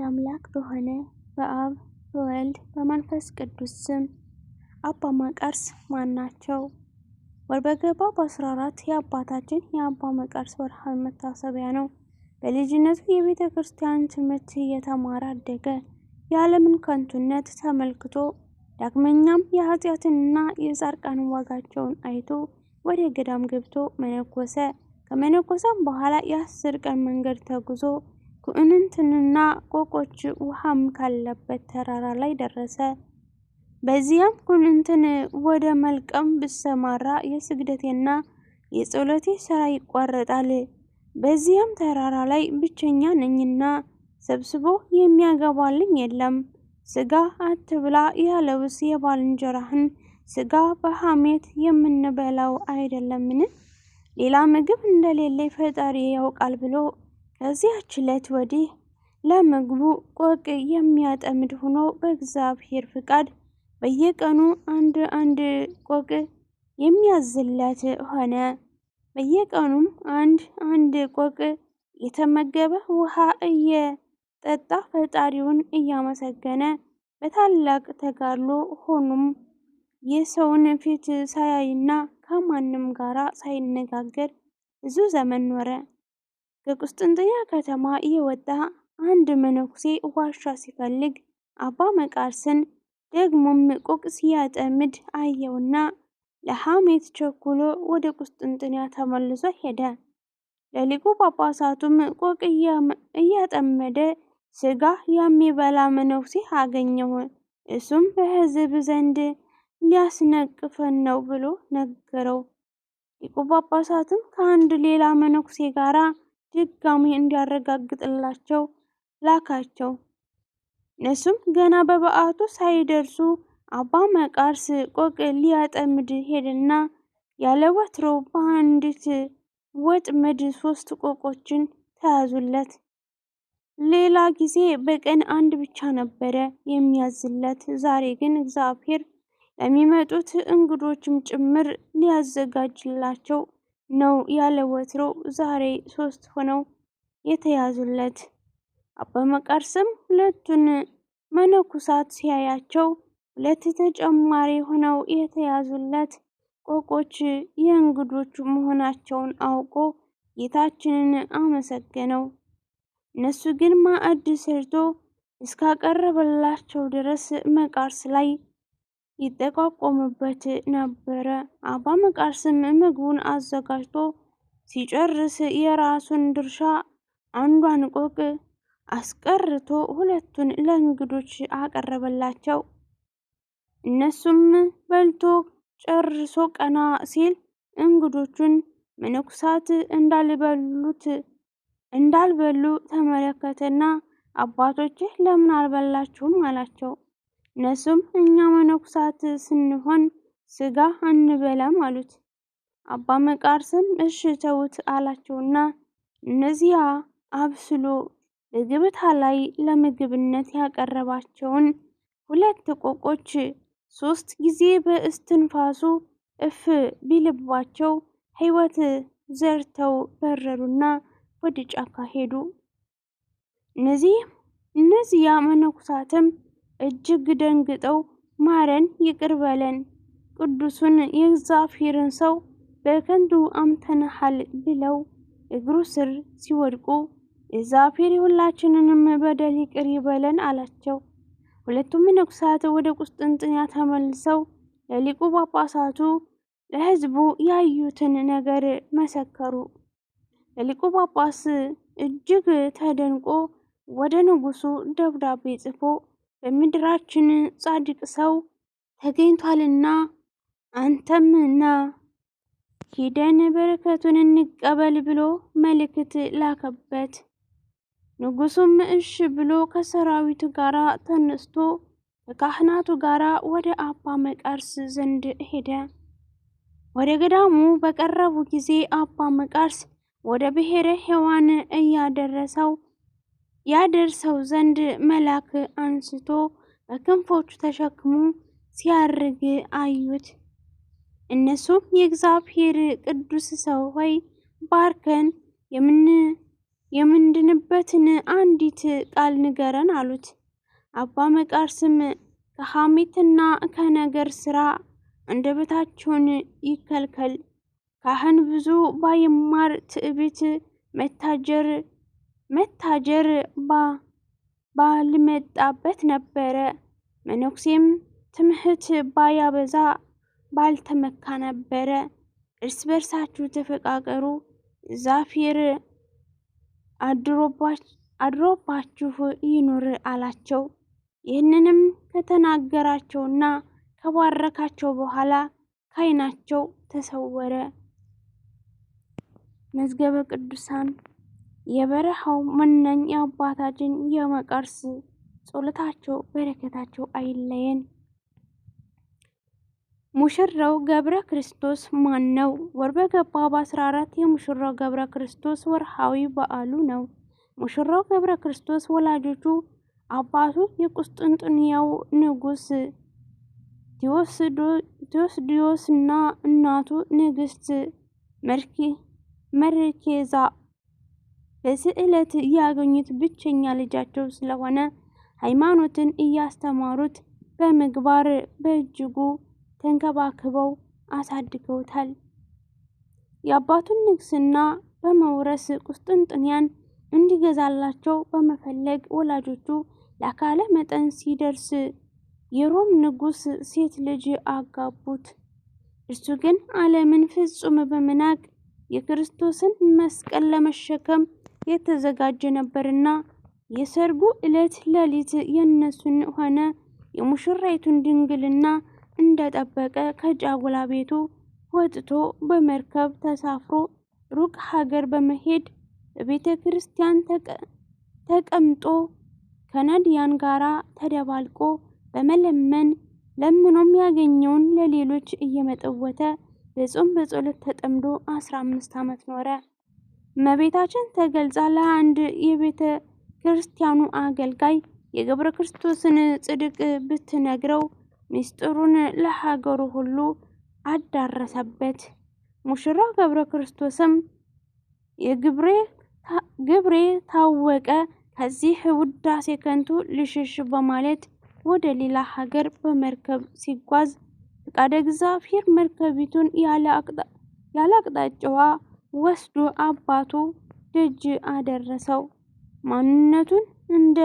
አንድ አምላክ በሆነ በአብ በወልድ በመንፈስ ቅዱስ ስም አባ መቃርስ ማን ናቸው? ወር በገባ በ14 የአባታችን የአባ መቃርስ ወርሃዊ መታሰቢያ ነው። በልጅነቱ የቤተ ክርስቲያን ትምህርት እየተማረ አደገ። የዓለምን ከንቱነት ተመልክቶ ዳግመኛም የኃጢአትንና የጻድቃንን ዋጋቸውን አይቶ ወደ ገዳም ገብቶ መነኮሰ። ከመነኮሰም በኋላ የአስር ቀን መንገድ ተጉዞ ኩንንትንና ቆቆች ውሃም ካለበት ተራራ ላይ ደረሰ። በዚያም ኩንንትን ወደ መልቀም ብሰማራ የስግደቴና የጸሎቴ ሥራ ይቋረጣል። በዚያም ተራራ ላይ ብቸኛ ነኝና ሰብስቦ የሚያገባልኝ የለም። ስጋ አትብላ ያለውስ የባልንጀራህን ስጋ በሐሜት የምንበላው አይደለምን? ሌላ ምግብ እንደሌለ ፈጣሪ ያውቃል ብሎ እዚያች ዕለት ወዲህ ለምግቡ ቆቅ የሚያጠምድ ሆኖ በእግዚአብሔር ፍቃድ በየቀኑ አንድ አንድ ቆቅ የሚያዝለት ሆነ። በየቀኑም አንድ አንድ ቆቅ የተመገበ ውሃ እየጠጣ ፈጣሪውን እያመሰገነ በታላቅ ተጋድሎ ሆኖም የሰውን ፊት ሳያይና ከማንም ጋራ ሳይነጋገር ብዙ ዘመን ኖረ። ከቁስጥንጥንያ ከተማ እየወጣ አንድ መነኩሴ ዋሻ ሲፈልግ አባ መቃርስን ደግሞም ቆቅ ሲያጠምድ አየውና ለሐሜት ቸኩሎ ወደ ቁስጥንጥንያ ተመልሶ ሄደ። ለሊቁ ጳጳሳቱም ቆቅ እያጠመደ ስጋ የሚበላ መነኩሴ አገኘው። እሱም በሕዝብ ዘንድ ሊያስነቅፈን ነው ብሎ ነገረው። ሊቁ ጳጳሳትም ከአንድ ሌላ መነኩሴ ጋራ ድጋሚ እንዲያረጋግጥላቸው ላካቸው። እነሱም ገና በበዓቱ ሳይደርሱ አባ መቃርስ ቆቅ ሊያጠምድ ሄድና ያለ ወትሮ በአንዲት ወጥመድ ሶስት ቆቆችን ተያዙለት። ሌላ ጊዜ በቀን አንድ ብቻ ነበረ የሚያዝለት። ዛሬ ግን እግዚአብሔር ለሚመጡት እንግዶችም ጭምር ሊያዘጋጅላቸው ነው ያለ ወትሮ ዛሬ ሶስት ሆነው የተያዙለት። አባ መቃርስም ሁለቱን መነኩሳት ሲያያቸው ሁለት ተጨማሪ ሆነው የተያዙለት ቆቆች የእንግዶቹ መሆናቸውን አውቆ ጌታችንን አመሰገነው። እነሱ ግን ማዕድ ሰርቶ እስካቀረበላቸው ድረስ መቃርስ ላይ ይጠቋቆምበት ነበረ። አባ መቃርስም ምግቡን አዘጋጅቶ ሲጨርስ የራሱን ድርሻ አንዷን ቆቅ አስቀርቶ ሁለቱን ለእንግዶች አቀረበላቸው። እነሱም በልቶ ጨርሶ ቀና ሲል እንግዶቹን መነኩሳት እንዳልበሉት እንዳልበሉ ተመለከተና አባቶች ለምን አልበላችሁም? አላቸው። እነሱም እኛ መነኩሳት ስንሆን ስጋ አንበላም አሉት። አባ መቃርስም እሽ ተውት አላቸውና እነዚያ አብስሎ እግብታ ላይ ለምግብነት ያቀረባቸውን ሁለት ቆቆች ሶስት ጊዜ በእስትንፋሱ እፍ ቢልባቸው ሕይወት ዘርተው በረሩና ወደ ጫካ ሄዱ። እነዚህ እነዚያ መነኩሳትም እጅግ ደንግጠው ማረን፣ ይቅር በለን ቅዱሱን የእግዚአብሔርን ሰው በከንቱ አምተንሃል ብለው እግሩ ስር ሲወድቁ እግዚአብሔር የሁላችንንም በደል ይቅር ይበለን አላቸው። ሁለቱም መነኮሳት ወደ ቁስጥንጥንያ ተመልሰው ለሊቁ ጳጳሳቱ ለሕዝቡ ያዩትን ነገር መሰከሩ። ለሊቁ ጳጳስ እጅግ ተደንቆ ወደ ንጉሱ ደብዳቤ ጽፎ በምድራችን ጻድቅ ሰው ተገኝቷልና አንተምና ሂደን በረከቱን እንቀበል ብሎ መልእክት ላከበት። ንጉሱም እሽ ብሎ ከሰራዊቱ ጋር ተነስቶ ከካህናቱ ጋር ወደ አባ መቃርስ ዘንድ ሄደ። ወደ ገዳሙ በቀረቡ ጊዜ አባ መቃርስ ወደ ብሔረ ሕያዋን እያደረሰው ያደርሰው ዘንድ መልአክ አንስቶ በክንፎቹ ተሸክሞ ሲያርግ አዩት። እነሱም የእግዚአብሔር ቅዱስ ሰው ሆይ ባርከን የምንድንበትን አንዲት ቃል ንገረን አሉት። አባ መቃርስም ከሐሜትና ከነገር ሥራ አንደበታቸውን ይከልከል፣ ካህን ብዙ ባይማር፣ ትዕቢት፣ መታጀር መታጀር ባልመጣበት ነበረ። መነኩሴም ትምህርት ባያበዛ ባልተመካ ነበረ። እርስ በርሳችሁ ተፈቃቀሩ፣ ዛፊር አድሮባችሁ ይኑር አላቸው። ይህንንም ከተናገራቸውና ከባረካቸው በኋላ ካይናቸው ተሰወረ። መዝገበ ቅዱሳን የበረሃው መናኝ የአባታችን የመቃርስ ጸሎታቸው በረከታቸው አይለየን። ሙሽራው ገብረ ክርስቶስ ማን ነው? ወር በገባ 14 የሙሽራው ገብረ ክርስቶስ ወርሃዊ በዓሉ ነው። ሙሽራው ገብረ ክርስቶስ ወላጆቹ አባቱ የቁስጥንጥንያው ንጉሥ እና እናቱ ንግሥት መርኬዛ በስዕለት ያገኙት ብቸኛ ልጃቸው ስለሆነ ሃይማኖትን እያስተማሩት በምግባር በእጅጉ ተንከባክበው አሳድገውታል። የአባቱን ንግስና በመውረስ ቁስጥንጥንያን እንዲገዛላቸው በመፈለግ ወላጆቹ ለአካለ መጠን ሲደርስ የሮም ንጉሥ ሴት ልጅ አጋቡት። እርሱ ግን ዓለምን ፍጹም በመናቅ የክርስቶስን መስቀል ለመሸከም የተዘጋጀ ነበርና የሰርጉ ዕለት ሌሊት የእነሱን ሆነ የሙሽራይቱን ድንግልና እንደጠበቀ ከጫጉላ ቤቱ ወጥቶ በመርከብ ተሳፍሮ ሩቅ ሀገር በመሄድ በቤተ ክርስቲያን ተቀምጦ ከነዳያን ጋር ተደባልቆ በመለመን ለምኖም ያገኘውን ለሌሎች እየመጠወተ በጾም በጸሎት ተጠምዶ አስራ አምስት ዓመት ኖረ። እመቤታችን ተገልጻ ለአንድ የቤተ ክርስቲያኑ አገልጋይ የገብረ ክርስቶስን ጽድቅ ብትነግረው ምስጢሩን ለሀገሩ ሁሉ አዳረሰበት። ሙሽራ ገብረ ክርስቶስም የግብሬ ታወቀ፣ ከዚህ ውዳሴ ከንቱ ልሽሽ በማለት ወደ ሌላ ሀገር በመርከብ ሲጓዝ ፍቃደ እግዚአብሔር መርከቢቱን ያለ አቅጣጫዋ ወስዶ አባቱ ደጅ አደረሰው። ማንነቱን እንደ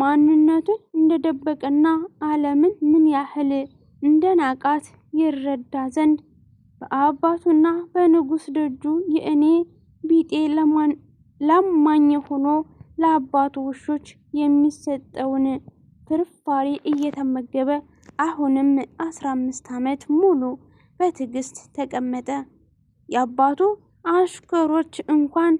ማንነቱን እንደደበቀና ዓለምን ምን ያህል እንደናቃት ይረዳ ዘንድ በአባቱና በንጉስ ደጁ የእኔ ቢጤ ለማኝ ሆኖ ለአባቱ ውሾች የሚሰጠውን ፍርፋሪ እየተመገበ አሁንም አስራ አምስት ዓመት ሙሉ በትዕግስት ተቀመጠ። የአባቱ አሽከሮች እንኳን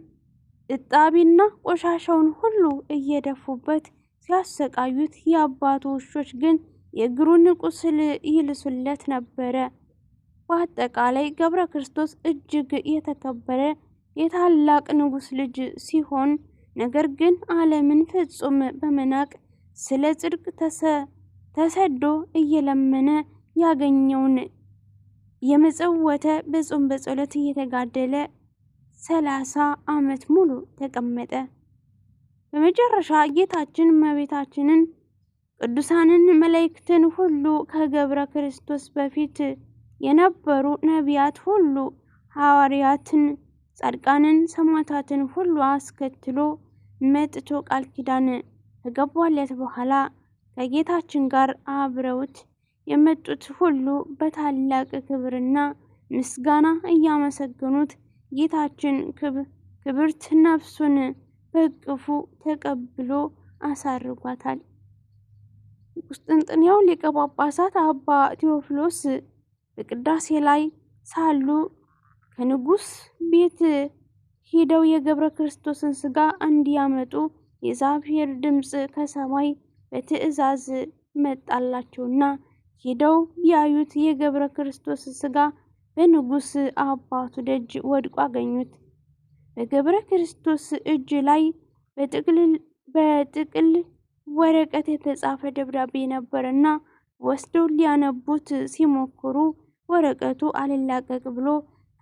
እጣቢና ቆሻሻውን ሁሉ እየደፉበት ሲያሰቃዩት፣ የአባቱ ውሾች ግን የእግሩን ቁስል ይልሱለት ነበረ። በአጠቃላይ ገብረ ክርስቶስ እጅግ የተከበረ የታላቅ ንጉሥ ልጅ ሲሆን ነገር ግን ዓለምን ፍጹም በመናቅ ስለ ጽድቅ ተሰዶ እየለመነ ያገኘውን የመጸወተ በጾም በጸሎት እየተጋደለ ሰላሳ ዓመት ሙሉ ተቀመጠ። በመጨረሻ ጌታችን እመቤታችንን ቅዱሳንን መላእክትን ሁሉ ከገብረ ክርስቶስ በፊት የነበሩ ነቢያት ሁሉ ሐዋርያትን፣ ጻድቃንን፣ ሰማዕታትን ሁሉ አስከትሎ መጥቶ ቃል ኪዳን ከገባለት በኋላ ከጌታችን ጋር አብረውት የመጡት ሁሉ በታላቅ ክብርና ምስጋና እያመሰገኑት ጌታችን ክብርት ነፍሱን በእቅፉ ተቀብሎ አሳርጓታል። ቁስጥንጥንያው ሊቀ ጳጳሳት አባ ቴዎፍሎስ በቅዳሴ ላይ ሳሉ ከንጉሥ ቤት ሄደው የገብረ ክርስቶስን ሥጋ እንዲያመጡ የእግዚአብሔር ድምፅ ከሰማይ በትእዛዝ መጣላቸውና ሄደው ያዩት የገብረ ክርስቶስ ስጋ በንጉስ አባቱ ደጅ ወድቆ አገኙት። በገብረ ክርስቶስ እጅ ላይ በጥቅል ወረቀት የተጻፈ ደብዳቤ ነበርና ወስደው ሊያነቡት ሲሞክሩ ወረቀቱ አልላቀቅ ብሎ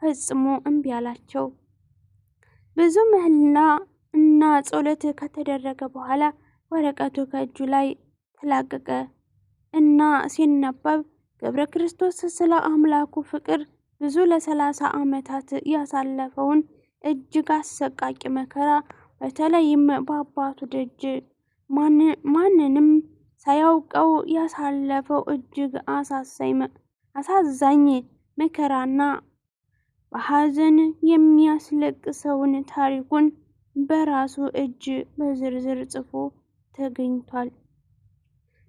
ፈጽሞ እምቢ አላቸው። ብዙ ምህልና እና ጸሎት ከተደረገ በኋላ ወረቀቱ ከእጁ ላይ ተላቀቀ። እና ሲነበብ ገብረ ክርስቶስ ስለ አምላኩ ፍቅር ብዙ ለሰላሳ ዓመታት ያሳለፈውን እጅግ አሰቃቂ መከራ በተለይም በአባቱ ደጅ ማንንም ሳያውቀው ያሳለፈው እጅግ አሳዛኝ መከራና በሐዘን የሚያስለቅሰውን ታሪኩን በራሱ እጅ በዝርዝር ጽፎ ተገኝቷል።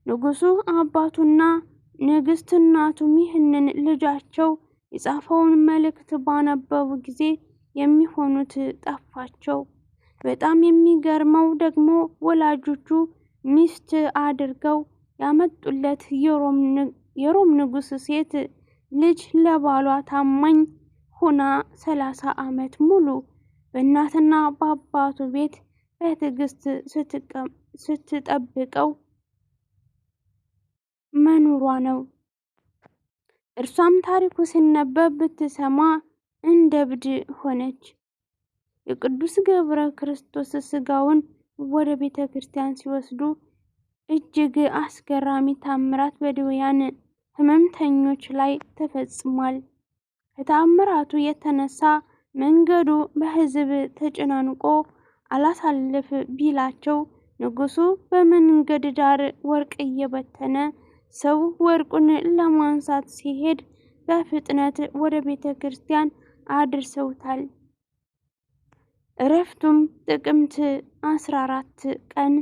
ንጉሱ አባቱና ንግስት እናቱም ይህንን ልጃቸው የጻፈውን መልእክት ባነበቡ ጊዜ የሚሆኑት ጠፋቸው። በጣም የሚገርመው ደግሞ ወላጆቹ ሚስት አድርገው ያመጡለት የሮም ንጉስ ሴት ልጅ ለባሏ ታማኝ ሆና ሰላሳ ዓመት ሙሉ በእናትና በአባቱ ቤት በትዕግስት ስትጠብቀው ኑሯ ነው። እርሷም ታሪኩ ሲነበብ ብትሰማ እንደ እብድ ሆነች። የቅዱስ ገብረ ክርስቶስ ስጋውን ወደ ቤተ ክርስቲያን ሲወስዱ እጅግ አስገራሚ ታምራት በድውያን ህመምተኞች ላይ ተፈጽሟል። ከታምራቱ የተነሳ መንገዱ በሕዝብ ተጨናንቆ አላሳልፍ ቢላቸው ንጉሱ በመንገድ ዳር ወርቅ እየበተነ ሰው ወርቁን ለማንሳት ሲሄድ በፍጥነት ወደ ቤተ ክርስቲያን አድርሰውታል። እረፍቱም ጥቅምት 14 ቀን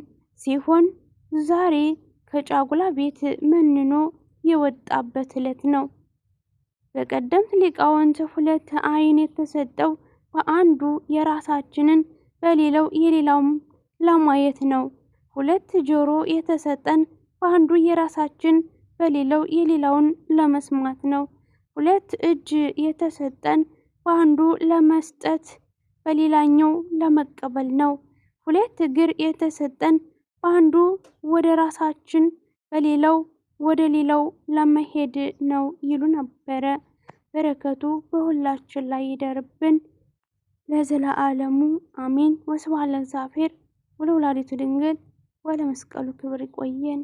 ሲሆን ዛሬ ከጫጉላ ቤት መንኖ የወጣበት ዕለት ነው። በቀደምት ሊቃውንት ሁለት ዓይን የተሰጠው በአንዱ የራሳችንን በሌላው የሌላውም ለማየት ነው። ሁለት ጆሮ የተሰጠን በአንዱ የራሳችን በሌላው የሌላውን ለመስማት ነው። ሁለት እጅ የተሰጠን በአንዱ ለመስጠት በሌላኛው ለመቀበል ነው። ሁለት እግር የተሰጠን በአንዱ ወደ ራሳችን በሌላው ወደ ሌላው ለመሄድ ነው ይሉ ነበረ። በረከቱ በሁላችን ላይ ይደርብን ለዘለዓለሙ አሜን። ወስብሐት ለእግዚአብሔር ወለወላዲቱ ድንግል ወለመስቀሉ ክብር። ይቆየን።